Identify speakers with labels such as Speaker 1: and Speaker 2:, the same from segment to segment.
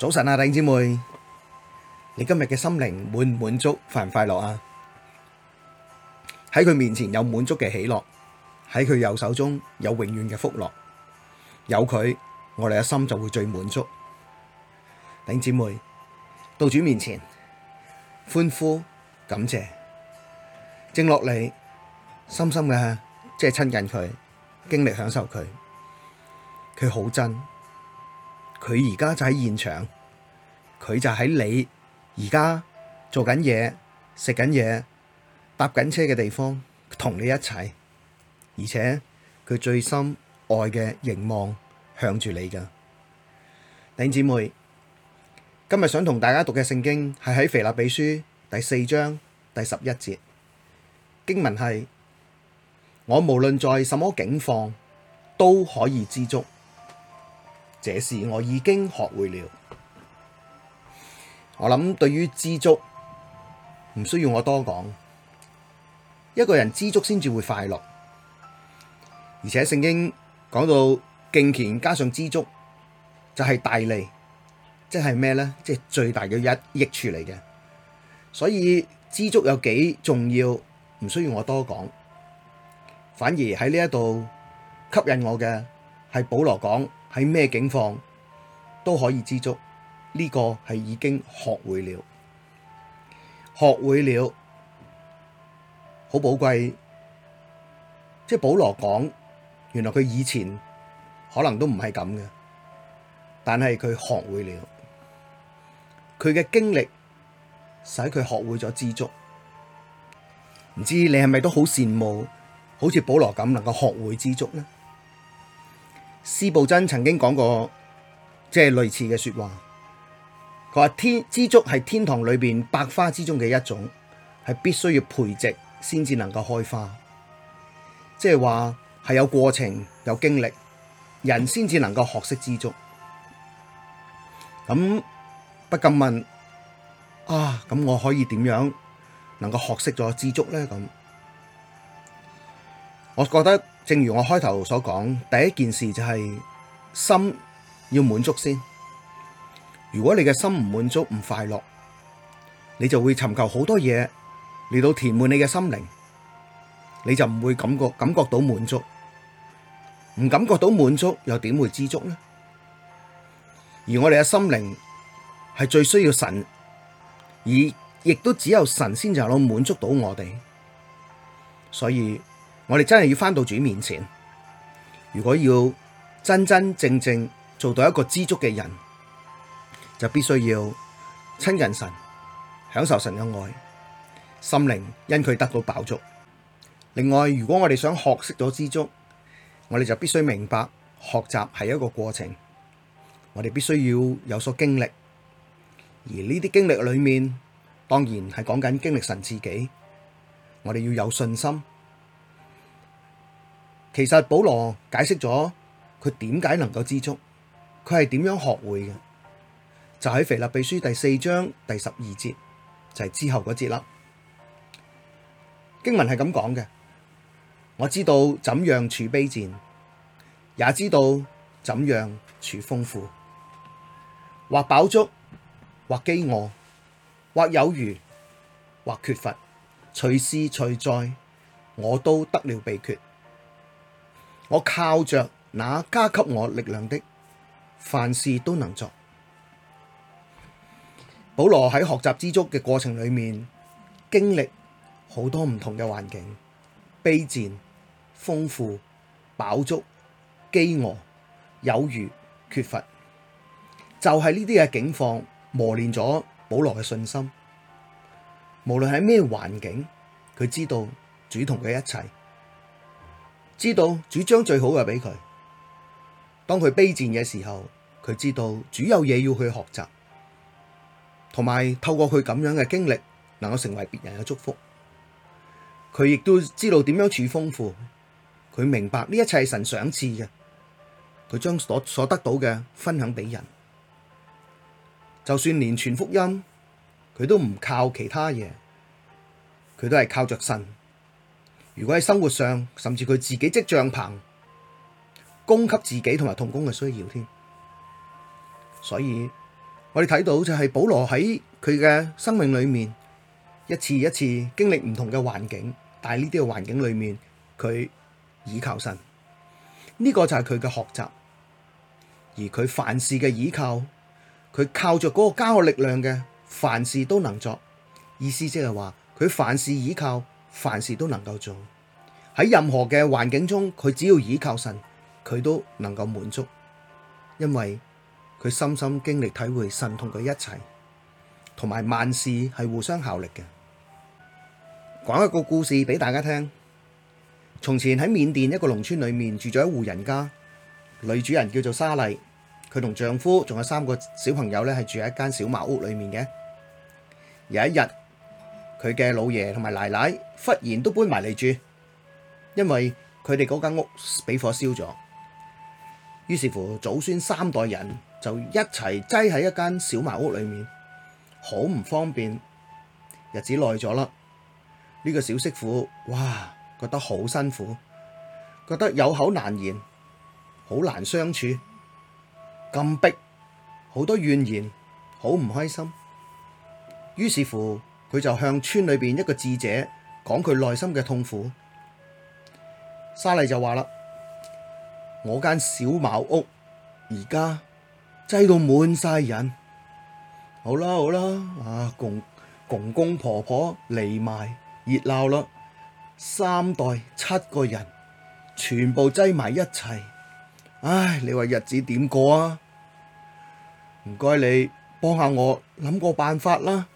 Speaker 1: 早晨啊，頂姐妹，你今日嘅心靈滿唔滿足，快唔快樂啊？喺佢面前有滿足嘅喜樂，喺佢右手中有永遠嘅福樂，有佢我哋嘅心就會最滿足。頂姐妹，到主面前歡呼感謝，靜落嚟深深嘅即係親近佢，經歷享受佢，佢好真。佢而家就喺現場，佢就喺你而家做緊嘢、食緊嘢、搭緊車嘅地方，同你一齊，而且佢最深愛嘅凝望向住你噶。弟兄姊妹，今日想同大家讀嘅聖經係喺《腓立比書》第四章第十一節，經文係：我無論在什麼境況，都可以知足。這是我已經學會了，我諗對於知足唔需要我多講，一個人知足先至會快樂，而且聖經講到敬虔加上知足就係、是、大利，即係咩呢？即係最大嘅一益處嚟嘅，所以知足有幾重要，唔需要我多講，反而喺呢一度吸引我嘅係保羅講。喺咩境況都可以知足，呢、這個係已經學會了，學會了好寶貴。即係保羅講，原來佢以前可能都唔係咁嘅，但係佢學會了，佢嘅經歷使佢學會咗知足。唔知你係咪都好羨慕，好似保羅咁能夠學會知足呢？施布真曾經講過，即係類似嘅說話，佢話，天知足係天堂裏邊百花之中嘅一種，係必須要培植先至能夠開花，即係話係有過程有經歷，人先至能夠學識知足。咁不禁問啊，咁我可以點樣能夠學識咗知足咧？咁，我覺得。正如我開頭所講，第一件事就係、是，心要滿足先。如果你嘅心唔滿足唔快樂，你就會尋求好多嘢嚟到填滿你嘅心靈，你就唔會感覺感覺到滿足。唔感覺到滿足，又點會知足呢？而我哋嘅心靈係最需要神，而亦都只有神先至能夠滿足到我哋，所以。我哋真係要返到主面前。如果要真真正正做到一個知足嘅人，就必須要親近神，享受神嘅愛，心靈因佢得到飽足。另外，如果我哋想學識咗知足，我哋就必須明白學習係一個過程，我哋必須要有所經歷。而呢啲經歷裏面，當然係講緊經歷神自己。我哋要有信心。其實保羅解釋咗佢點解能夠知足，佢係點樣學會嘅，就喺《腓立比書》第四章第十二節，就係、是、之後嗰節啦。經文係咁講嘅，我知道怎樣處卑賤，也知道怎樣處豐富，或飽足，或饑餓，或有餘，或缺乏，隨事隨在，我都得了秘訣。我靠着那加給我力量的，凡事都能做。保羅喺學習知足嘅過程裏面，經歷好多唔同嘅環境，卑賤、豐富、飽足、饑餓、有餘、缺乏，就係呢啲嘅境況磨練咗保羅嘅信心。無論喺咩環境，佢知道主同嘅一切。知道主將最好嘅俾佢，當佢卑賤嘅時候，佢知道主有嘢要去學習，同埋透過佢咁樣嘅經歷，能夠成為別人嘅祝福。佢亦都知道點樣處豐富，佢明白呢一切係神賞賜嘅，佢將所所得到嘅分享俾人。就算連傳福音，佢都唔靠其他嘢，佢都係靠着神。如果喺生活上，甚至佢自己織帳篷，供給自己同埋同工嘅需要添。所以，我哋睇到就係保羅喺佢嘅生命裏面，一次一次經歷唔同嘅環境，但係呢啲嘅環境裏面，佢倚靠神。呢個就係佢嘅學習，而佢凡事嘅倚靠，佢靠着嗰個加嘅力量嘅，凡事都能作。意思即係話，佢凡事倚靠。凡事都能夠做，喺任何嘅環境中，佢只要倚靠神，佢都能夠滿足，因為佢深深經歷體會神同佢一齊，同埋萬事係互相效力嘅。講一個故事俾大家聽。從前喺緬甸一個農村裏面住咗一戶人家，女主人叫做莎莉，佢同丈夫仲有三個小朋友咧，係住喺一間小茅屋裏面嘅。有一日，佢嘅老爺同埋奶奶忽然都搬埋嚟住因為佢哋嗰間屋俾火燒咗，於是乎祖孫三代人就一齊擠喺一間小茅屋裏面，好唔方便，日子耐咗啦。呢、這個小媳婦哇，覺得好辛苦，覺得有口難言，好難相處，咁逼，好多怨言，好唔開心，於是乎，佢就向村裏邊一個智者講佢內心嘅痛苦。莎莉就話啦：我間小茅屋而家擠到滿晒人，好啦好啦，啊公公公婆婆嚟埋熱鬧囉，三代七個人全部擠埋一齊，唉，你話日子點過啊？唔該你幫下我諗個辦法啦。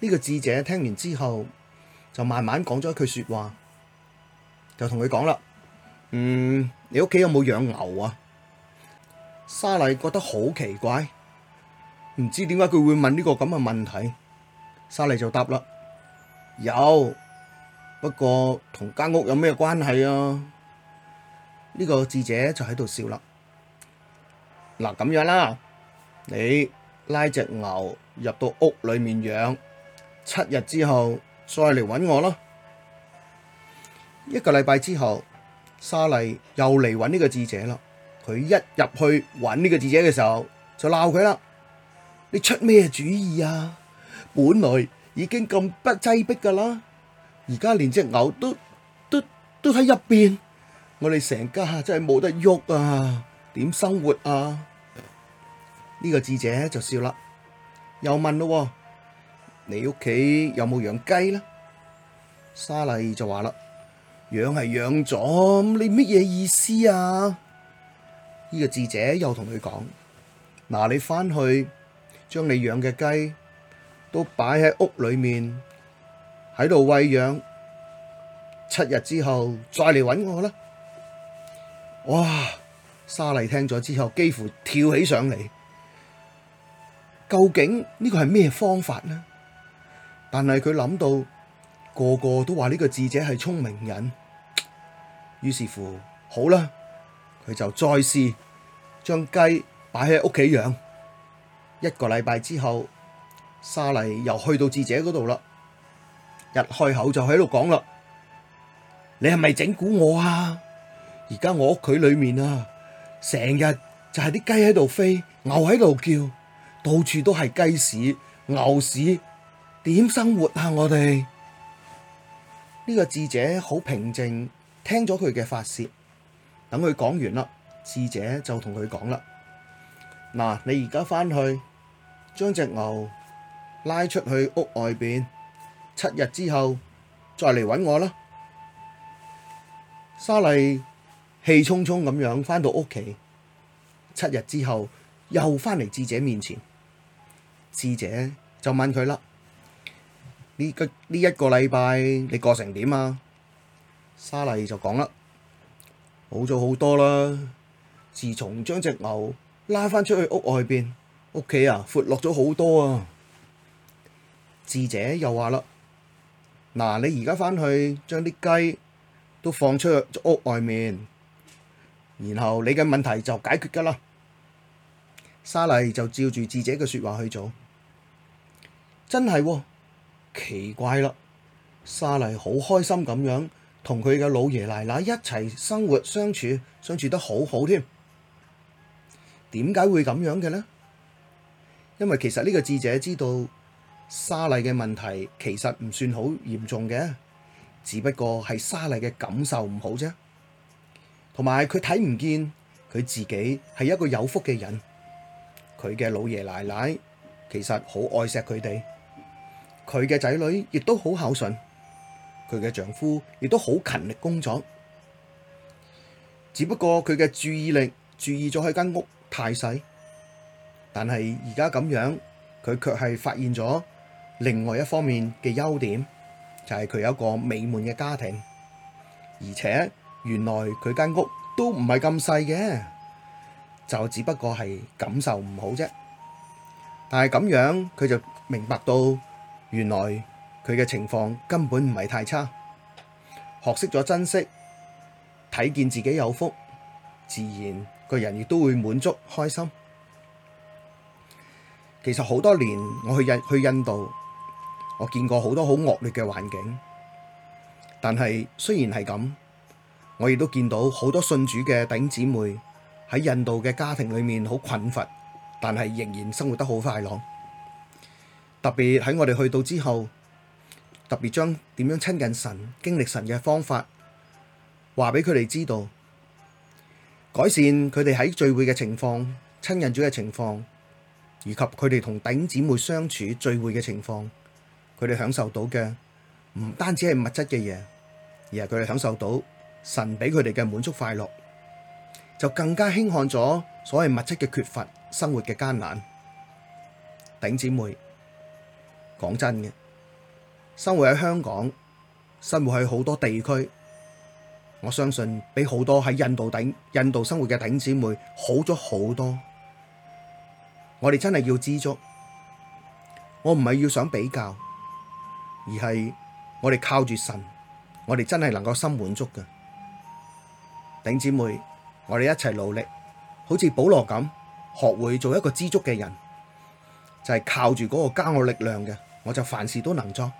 Speaker 1: 呢個智者聽完之後，就慢慢講咗一句說話，就同佢講啦：，嗯，你屋企有冇養牛啊？莎莉覺得好奇怪，唔知點解佢會問呢個咁嘅問題。莎莉就答啦：有，不過同間屋有咩關係啊？呢、這個智者就喺度笑啦。嗱、啊，咁樣啦，你拉隻牛入到屋裏面養。七日之後再嚟揾我咯。一個禮拜之後，莎麗又嚟揾呢個智者啦。佢一入去揾呢個智者嘅時候，就鬧佢啦。你出咩主意啊？本來已經咁不擠逼噶啦，而家連隻牛都都都喺入邊，我哋成家真係冇得喐啊！點生活啊？呢個智者就笑啦，又問咯、啊。你屋企有冇養雞呢？莎麗就話啦，養係養咗，你乜嘢意思啊？呢個智者又同佢講：嗱，你翻去將你養嘅雞都擺喺屋裏面，喺度餵養七日之後再嚟搵我啦。哇！莎麗聽咗之後幾乎跳起上嚟，究竟呢個係咩方法呢？」但係佢諗到個個都話呢個智者係聰明人，於是乎好啦，佢就再試將雞擺喺屋企養一個禮拜之後，沙莉又去到智者嗰度啦，一開口就喺度講啦：你係咪整蠱我啊？而家我屋企裏面啊，成日就係啲雞喺度飛，牛喺度叫，到處都係雞屎、牛屎。點生活啊！我哋呢個智者好平靜，聽咗佢嘅發洩。等佢講完啦，智者就同佢講啦：嗱、啊，你而家翻去將隻牛拉出去屋外邊，七日之後再嚟搵我啦。莎莉氣冲冲咁樣翻到屋企，七日之後又翻嚟智者面前，智者就問佢啦。呢個呢一個禮拜你過成點啊？莎莉就講啦，好咗好多啦。自從將隻牛拉翻出去屋外邊，屋企啊，闊落咗好多啊。智者又話啦：嗱，你而家翻去將啲雞都放出屋外面，然後你嘅問題就解決㗎啦。莎莉就照住智者嘅説話去做，真係喎、哦。奇怪啦，莎莉好開心咁樣同佢嘅老爺奶奶一齊生活相處，相處得好好添。點解會咁樣嘅呢？因為其實呢個智者知道莎莉嘅問題其實唔算好嚴重嘅，只不過係莎莉嘅感受唔好啫，同埋佢睇唔見佢自己係一個有福嘅人，佢嘅老爺奶奶其實好愛錫佢哋。佢嘅仔女亦都好孝順，佢嘅丈夫亦都好勤力工作。只不過佢嘅注意力注意咗佢間屋太細，但係而家咁樣，佢卻係發現咗另外一方面嘅優點，就係佢有一個美滿嘅家庭，而且原來佢間屋都唔係咁細嘅，就只不過係感受唔好啫。但係咁樣，佢就明白到。原來佢嘅情況根本唔係太差，學識咗珍惜，睇見自己有福，自然個人亦都會滿足開心。其實好多年我去印去印度，我見過好多好惡劣嘅環境，但係雖然係咁，我亦都見到好多信主嘅頂姊妹喺印度嘅家庭裏面好困乏，但係仍然生活得好快樂。特別喺我哋去到之後，特別將點樣親近神、經歷神嘅方法，話俾佢哋知道，改善佢哋喺聚會嘅情況、親近主嘅情況，以及佢哋同頂姊妹相處、聚會嘅情況，佢哋享受到嘅唔單止係物質嘅嘢，而係佢哋享受到神俾佢哋嘅滿足快樂，就更加輕看咗所謂物質嘅缺乏、生活嘅艱難。頂姊妹。講真嘅，生活喺香港，生活喺好多地區，我相信比好多喺印度頂印度生活嘅頂姊妹好咗好多。我哋真係要知足，我唔係要想比較，而係我哋靠住神，我哋真係能夠心滿足嘅。頂姊妹，我哋一齊努力，好似保羅咁，學會做一個知足嘅人，就係靠住嗰個加我力量嘅。我就凡事都能做。